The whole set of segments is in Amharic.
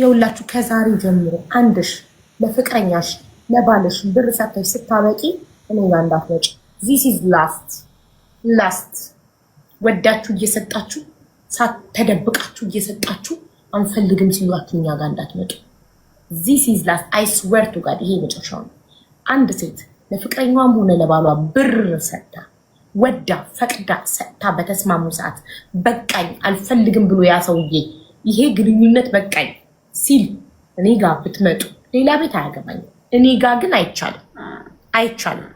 የሁላችሁ ከዛሬ ጀምሮ አንድሽ ለፍቅረኛሽ ለባልሽ ብር ሰጥተሽ ስታመቂ እኔ ጋ እንዳትመጪ። ዚስ ኢዝ ላስት ላስት። ወዳችሁ እየሰጣችሁ ሳተደብቃችሁ እየሰጣችሁ አንፈልግም ሲሏችሁ እኛ ጋ እንዳትመጡ። ዚስ ኢዝ ላስት አይ ስዌር ቱ ጋድ፣ ይሄ መጨረሻው ነው። አንድ ሴት ለፍቅረኛዋም ሆነ ለባሏ ብር ሰጥታ ወዳ ፈቅዳ ሰጥታ በተስማሙ ሰዓት በቃኝ አልፈልግም ብሎ ያ ሰውዬ ይሄ ግንኙነት በቃኝ ሲል እኔ ጋ ብትመጡ ሌላ ቤት አያገባኝም። እኔ ጋ ግን አይቻልም፣ አይቻልም።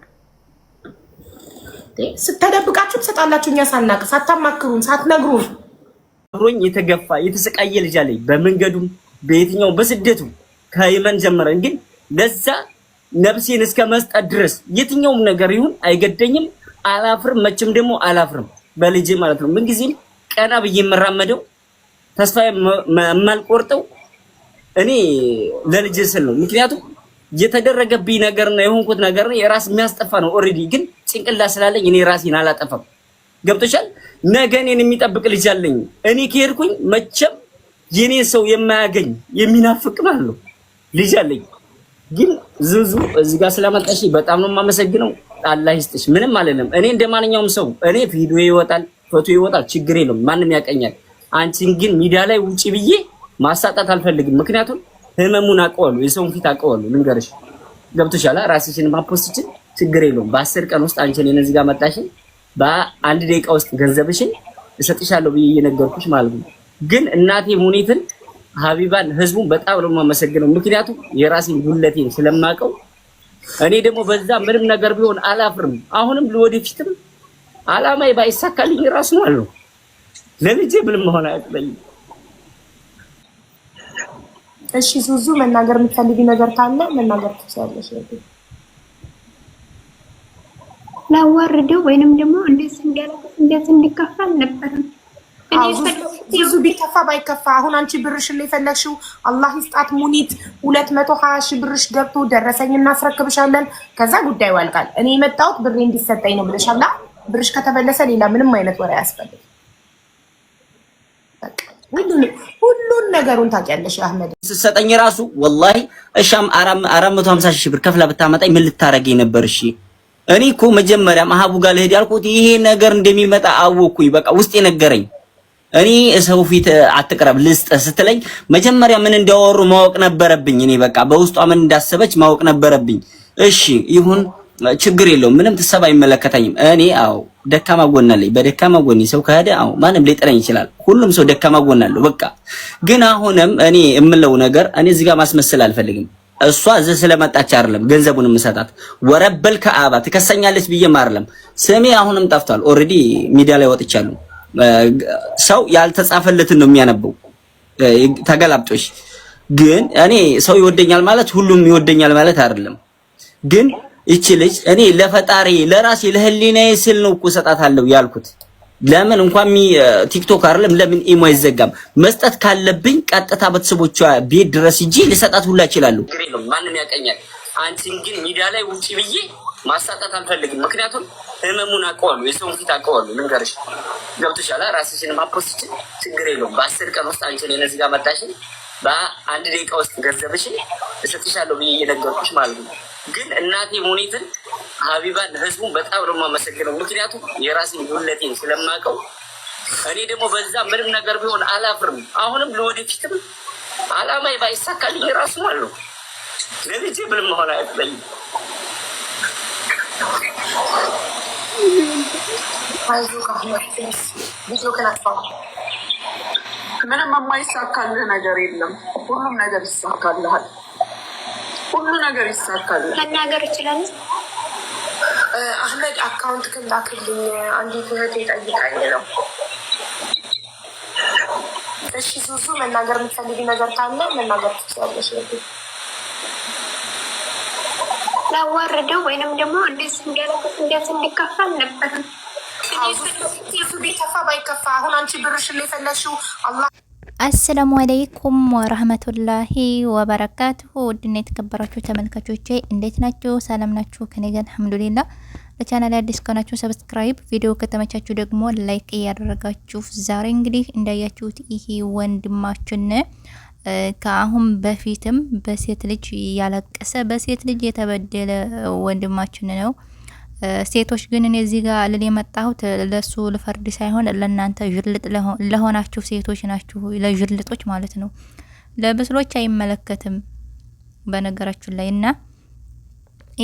ስተደብቃችሁ ትሰጣላችሁ። እኛ ሳናቅ፣ ሳታማክሩን፣ ሳትነግሩን አብሮኝ የተገፋ የተሰቃየ ልጅ አለኝ። በመንገዱም በየትኛው በስደቱ ከየመን ጀመረን። ግን ለዛ ነፍሴን እስከ መስጠት ድረስ የትኛውም ነገር ይሁን አይገደኝም። አላፍርም፣ መቼም ደግሞ አላፍርም። በልጄ ማለት ነው ምንጊዜም ቀና ብዬ የምራመደው ተስፋ የማልቆርጠው እኔ ለልጅ ስል ነው። ምክንያቱም የተደረገብኝ ነገር ነው የሆንኩት ነገር ነው የራስ የሚያስጠፋ ነው። ኦልሬዲ ግን ጭንቅላ ስላለኝ እኔ ራሴን አላጠፋም። ገብቶሻል። ነገ እኔን የሚጠብቅ ልጅ አለኝ። እኔ ከሄድኩኝ መቼም የኔን ሰው የማያገኝ የሚናፍቅ ማለት ነው ልጅ አለኝ። ግን ዝዙ እዚህ ጋር ስለመጣሽ በጣም ነው የማመሰግነው። አላህ ይስጥሽ። ምንም አይደለም። እኔ እንደማንኛውም ሰው እኔ ቪዲዮ ይወጣል፣ ፎቶ ይወጣል፣ ችግር የለም ማንም ያቀኛል። አንቺን ግን ሚዲያ ላይ ውጪ ብዬ ማሳጣት አልፈልግም። ምክንያቱም ህመሙን አውቀዋለሁ፣ የሰውን ፊት አውቀዋለሁ። ልንገርሽ፣ ገብቶሻል። ራስሽን ማፖስትችን ችግር የለውም። በአስር ቀን ውስጥ አንቺን የነዚህ ጋር መጣሽን በአንድ ደቂቃ ውስጥ ገንዘብሽን እሰጥሻለሁ ብዬ እየነገርኩሽ ማለት ነው። ግን እናቴ ሁኔትን ሀቢባን ህዝቡን በጣም ነው የማመሰግነው። ምክንያቱም የራሴን ጉለቴን ስለማውቀው እኔ ደግሞ በዛ ምንም ነገር ቢሆን አላፍርም። አሁንም ወደፊትም አላማዬ ባይሳካልኝ ራሱ ማለት ነው ለልጄ ምንም መሆን አያቅጠኝም። እሺ ዙዙ መናገር የምትፈልጊ ነገር ካለ መናገር ትችላለሽ። ላዋርደው ወይንም ደግሞ እንዴት እንዲያለቅስ እንዴት እንዲከፋ አልነበረም። ዙዙ ቢከፋ ባይከፋ አሁን አንቺ ብርሽ ላይ ፈለግሽው አላህ ይስጣት። ሙኒት ሁለት መቶ ሀያ ሺህ ብርሽ ገብቶ ደረሰኝ እናስረክብሻለን። ከዛ ጉዳዩ ያልቃል። እኔ የመጣሁት ብሬ እንዲሰጠኝ ነው ብለሻላ። ብርሽ ከተመለሰ ሌላ ምንም አይነት ወሬ አያስፈልግም። ሁሉን ነገሩን ታውቂያለሽ። አህመድ ስትሰጠኝ ራሱ ወላሂ እሻም አራት መቶ ሀምሳ ሺህ ብር ከፍላ ብታመጣኝ ምን ልታረገኝ ነበር? እሺ እኔ እኮ መጀመሪያም አሀቡ ጋር ልሄድ ያልኩት ይሄ ነገር እንደሚመጣ አወኩኝ። በቃ ውስጥ ነገረኝ እኔ ሰው ፊት አትቅረብ ልስጥ ስትለኝ መጀመሪያ ምን እንዳወሩ ማወቅ ነበረብኝ። እኔ በቃ በውስጧ ምን እንዳሰበች ማወቅ ነበረብኝ። እሺ ይሁን ችግር የለውም ምንም ትሰብ አይመለከተኝም። እኔ አዎ ደካማ ጎን አለኝ። በደካማ ጎን ሰው ከሄደ አው ማንም ሊጥለኝ ይችላል። ሁሉም ሰው ደካማ ጎን አለው። በቃ ግን አሁንም እኔ የምለው ነገር እኔ እዚህ ጋር ማስመሰል አልፈልግም። እሷ እዚህ ስለመጣች አይደለም ገንዘቡን የምሰጣት። ወረበል ከአባ ትከሰኛለች ብዬም አይደለም። ስሜ አሁንም ጠፍቷል። ኦልሬዲ ሚዲያ ላይ ወጥቻለሁ። ሰው ያልተጻፈለትን ነው የሚያነበው ተገላብጦሽ። ግን እኔ ሰው ይወደኛል ማለት ሁሉም ይወደኛል ማለት አይደለም ግን እቺ ልጅ እኔ ለፈጣሪ ለራሴ ለህሊናዬ ስል ነው እኮ እሰጣታለሁ ያልኩት። ለምን እንኳን ሚ ቲክቶክ አይደለም ለምን ኢሞ አይዘጋም? መስጠት ካለብኝ ቀጥታ ቤተሰቦቿ ቤት ድረስ እጂ ልሰጣት ሁላ እችላለሁ። ማንም ያቀኛል። አንቺን ግን ሚዲያ ላይ ውጪ ብዬ ማሳጣት አልፈልግም። ምክንያቱም ህመሙን አውቀዋለሁ፣ የሰውን ፊት አውቀዋለሁ። ልንገርሽ፣ ገብቶሻል። ራስሽን ማፖስት ችግር የለውም። በአስር ቀን ውስጥ አንቺን የነዚህ ጋር መጣሽን በአንድ ደቂቃ ውስጥ ገንዘብሽ እሰጥሻለሁ ብዬ እየነገርኩሽ ማለት ነው። ግን እናቴ ሙኒትን፣ ሀቢባን፣ ህዝቡን በጣም ነው የማመሰግነው። ምክንያቱም የራሴን ሁለቴን ስለማውቀው እኔ ደግሞ በዛ ምንም ነገር ቢሆን አላፍርም። አሁንም ለወደፊትም አላማ ባይሳካልኝ ራሱ ማለት ለልጄ ምንም መሆን አይፍለኝም። ብዙ ምንም የማይሳካልህ ነገር የለም። ሁሉም ነገር ይሳካልሃል። ሁሉ ነገር ይሳካል። መናገር ይችላል። አህመድ አካውንት ክላክልኝ አንዲት እህቴ ጠይቃኝ ነው። እሺ ዙዙ፣ መናገር የምትፈልጊ ነገር ካለ መናገር ትችላለሽ። ላዋርደው ወይንም ደግሞ እንዴት እንዲያለቅስ እንዴት እንዲከፋ አልነበረም እሱ ቢከፋ ባይከፋ አሁን አንቺ ብርሽን የፈለግሽው አላህ አሰላሙ አለይኩም ወረህመቱላሂ ወበረካቱሁ። ውድና የተከበራችሁ ተመልካቾቼ እንዴት ናችሁ? ሰላም ናችሁ? ከኔ ጋር አልሐምዱሊላ። ለቻናል አዲስ ከሆናችሁ ሰብስክራይብ፣ ቪዲዮ ከተመቻችሁ ደግሞ ላይክ እያደረጋችሁ ዛሬ እንግዲህ እንዳያችሁት ይሄ ወንድማችን ከአሁን በፊትም በሴት ልጅ ያለቀሰ በሴት ልጅ የተበደለ ወንድማችን ነው ሴቶች ግን እኔ እዚህ ጋር ልል የመጣሁት ለሱ ልፈርድ ሳይሆን ለእናንተ ዥልጥ ለሆናችሁ ሴቶች ናችሁ፣ ለዥልጦች ማለት ነው። ለብስሎች አይመለከትም በነገራችን ላይ እና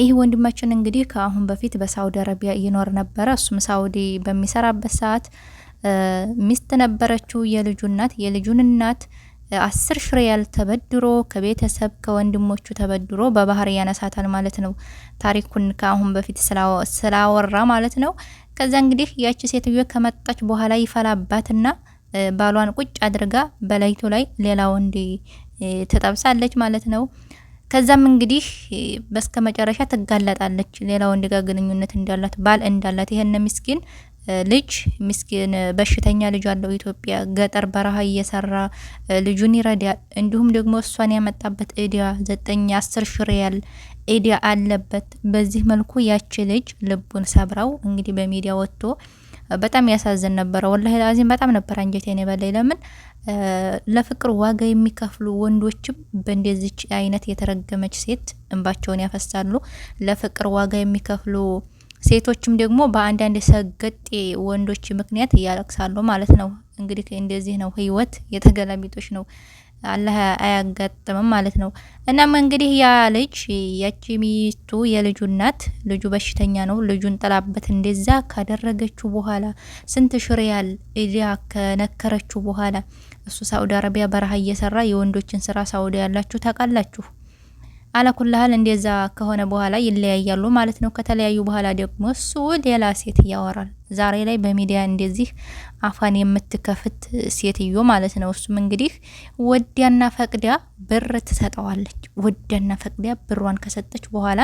ይህ ወንድማችን እንግዲህ ከአሁን በፊት በሳውዲ አረቢያ ይኖር ነበረ። እሱም ሳውዲ በሚሰራበት ሰዓት ሚስት ነበረችው የልጁ እናት የልጁን እናት አስር ሺ ሪያል ተበድሮ ከቤተሰብ ከወንድሞቹ ተበድሮ በባህር ያነሳታል ማለት ነው። ታሪኩን ከአሁን በፊት ስላወራ ማለት ነው። ከዛ እንግዲህ ያቺ ሴትዮ ከመጣች በኋላ ይፈላባትና ባሏን ቁጭ አድርጋ በላይቱ ላይ ሌላ ወንድ ትጠብሳለች ማለት ነው። ከዛም እንግዲህ በስከ መጨረሻ ትጋለጣለች። ሌላ ወንድ ጋር ግንኙነት እንዳላት ባል እንዳላት ይሄን ምስኪን ልጅ ምስኪን በሽተኛ ልጅ አለው ኢትዮጵያ ገጠር በረሃ እየሰራ ልጁን ይረዳል። እንዲሁም ደግሞ እሷን ያመጣበት እዲያ ዘጠኝ አስር ሽሪያል እዲያ አለበት። በዚህ መልኩ ያቺ ልጅ ልቡን ሰብራው እንግዲህ በሚዲያ ወጥቶ በጣም ያሳዝን ነበረ። ወላሂ ላዚም በጣም ነበር አንጀቴን የበላይ። ለምን ለፍቅር ዋጋ የሚከፍሉ ወንዶችም በእንደዚች አይነት የተረገመች ሴት እንባቸውን ያፈሳሉ። ለፍቅር ዋጋ የሚከፍሉ ሴቶችም ደግሞ በአንዳንድ ሰገጤ ወንዶች ምክንያት እያለቅሳሉ ማለት ነው። እንግዲህ እንደዚህ ነው ህይወት፣ የተገላቢጦች ነው። አላህ አያጋጥምም ማለት ነው። እናም እንግዲህ ያ ልጅ ያቺ ሚስቱ የልጁ እናት ልጁ በሽተኛ ነው። ልጁን ጥላበት እንደዛ ካደረገችው በኋላ ስንት ሽሪያል እዲያ ከነከረችው በኋላ እሱ ሳኡዲ አረቢያ በረሃ እየሰራ የወንዶችን ስራ ሳኡዲ ያላችሁ ታውቃላችሁ። አላኩላህል እንደዛ ከሆነ በኋላ ይለያያሉ ማለት ነው። ከተለያዩ በኋላ ደግሞ እሱ ሌላ ሴት ያወራል። ዛሬ ላይ በሚዲያ እንደዚህ አፋን የምትከፍት ሴትዮ ማለት ነው። እሱም እንግዲህ ወዲያና ፈቅዳ ብር ትሰጠዋለች። ወዲያና ፈቅዳ ብሯን ከሰጠች በኋላ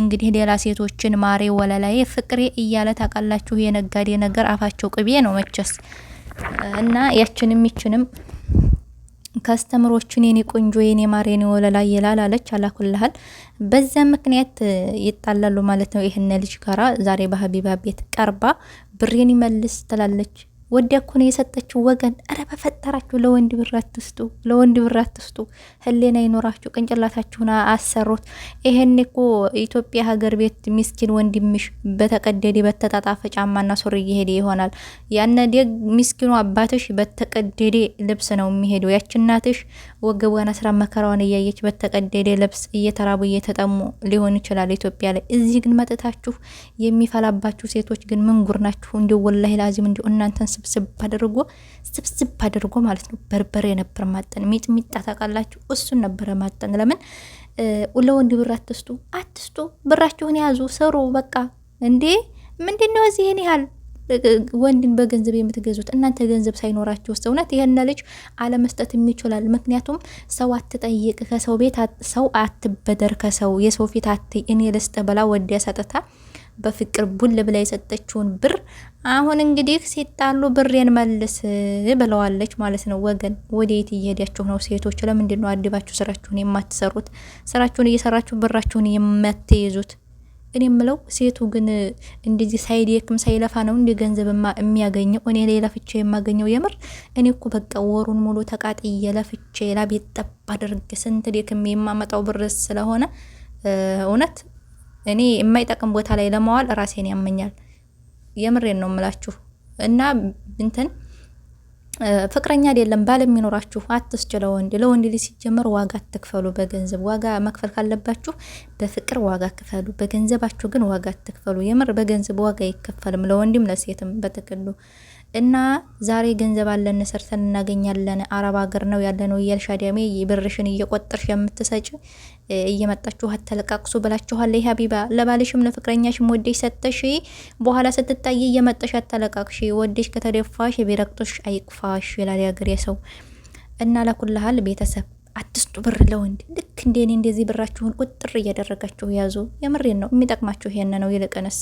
እንግዲህ ሌላ ሴቶችን ማሬ ወለላዬ ፍቅሬ እያለ ታውቃላችሁ፣ የነጋዴ ነገር አፋቸው ቅቤ ነው መቸስ እና ያችንም ይችንም ከስተምሮቹን የኔ ቆንጆ የኔ ማር የኔ ወለላ ይላል አለች አላኩልሃል። በዛ ምክንያት ይጣላሉ ማለት ነው። ይህን ልጅ ጋራ ዛሬ በሀቢባ ቤት ቀርባ ብሬን ይመልስ ትላለች። ወዲያ እኮ ነው የሰጠችው ወገን። ኧረ በፈጠራችሁ ለወንድ ብር አትስጡ፣ ለወንድ ብር አትስጡ። ህሌና ይኖራችሁ፣ ቅንጭላታችሁን አሰሩት። ይሄን እኮ ኢትዮጵያ ሀገር ቤት ሚስኪን ወንድምሽ በተቀደደ በተጣጣፈ ጫማና ሱሪ እየሄደ ይሆናል። ያነ ደግ ሚስኪኑ አባትሽ በተቀደደ ልብስ ነው የሚሄደው። ያች እናትሽ ወገቧን አስራ መከራዋን እያየች በተቀደደ ልብስ እየተራቡ እየተጠሙ ሊሆን ይችላል ኢትዮጵያ ላይ። እዚህ ግን መጥታችሁ የሚፈላባችሁ ሴቶች ግን ምን ጉር ናችሁ? እንዲ ወላሂ ላዚም እንዲ እናንተን ስብስብ አድርጎ ስብስብ አድርጎ ማለት ነው። በርበሬ ነበር ማጠን፣ ሚጥሚጣ ታውቃላችሁ? እሱን ነበረ ማጠን። ለምን ለወንድ ብር አትስጡ፣ አትስጡ። ብራችሁን ያዙ፣ ስሩ። በቃ እንዴ ምንድን ነው እዚህን ያህል ወንድን በገንዘብ የምትገዙት እናንተ ገንዘብ ሳይኖራችሁ ውስጥ እውነት ይህን ልጅ አለመስጠት የሚችላል። ምክንያቱም ሰው አትጠይቅ፣ ከሰው ቤት ሰው አትበደር፣ ከሰው የሰው ፊት አትይ። እኔ ልስጥ ብላ ወዲያ ሰጥታ በፍቅር ቡል ብላ የሰጠችውን ብር አሁን እንግዲህ ሲጣሉ ብሬን መልስ ብለዋለች ማለት ነው። ወገን ወዴት እየሄዳችሁ ነው? ሴቶች ለምንድን ነው አድባችሁ ስራችሁን የማትሰሩት? ስራችሁን እየሰራችሁ ብራችሁን የማትይዙት? እኔ የምለው ሴቱ ግን እንደዚህ ሳይደክም ሳይለፋ ነው እንዲህ ገንዘብ የሚያገኘው። እኔ ላይ ለፍቼ የማገኘው የምር እኔ እኮ በቃ ወሩን ሙሉ ተቃጥዬ ለፍቼ ላቤት ጠብ አድርጌ ስንት የማመጣው ብር ስለሆነ እውነት እኔ የማይጠቅም ቦታ ላይ ለማዋል ራሴን ያመኛል። የምሬን ነው ምላችሁ እና እንትን ፍቅረኛ አይደለም ባል የሚኖራችሁ አትስጭ ለወንድ ለወንድ ልጅ ሲጀመር ዋጋ አትክፈሉ። በገንዘብ ዋጋ መክፈል ካለባችሁ በፍቅር ዋጋ ክፈሉ። በገንዘባችሁ ግን ዋጋ አትክፈሉ። የምር በገንዘብ ዋጋ አይከፈልም፣ ለወንድም ለሴትም በጥቅሉ እና ዛሬ ገንዘብ አለን ሰርተን እናገኛለን፣ አረብ ሀገር ነው ያለነው እያልሽ አዳሜ ብርሽን እየቆጠርሽ የምትሰጭ እየመጣችሁ አተለቃቅሱ ይህ ሀቢባ ለባልሽም ለፍቅረኛሽም ወዴሽ ሰተሽ በኋላ ስትታይ እየመጣሽ አተለቃቅሽ፣ ወዴሽ ከተደፋሽ ቢረግጦሽ አይቅፋሽ ይላል ያገሬ ሰው እና ለኩልሃል ቤተሰብ አትስጡ ብር ለወንድ ልክ እንደኔ እንደዚህ ብራችሁን ቁጥር እያደረጋችሁ ያዙ። የምሬን ነው የሚጠቅማችሁ ይሄን ነው። ይልቅንስ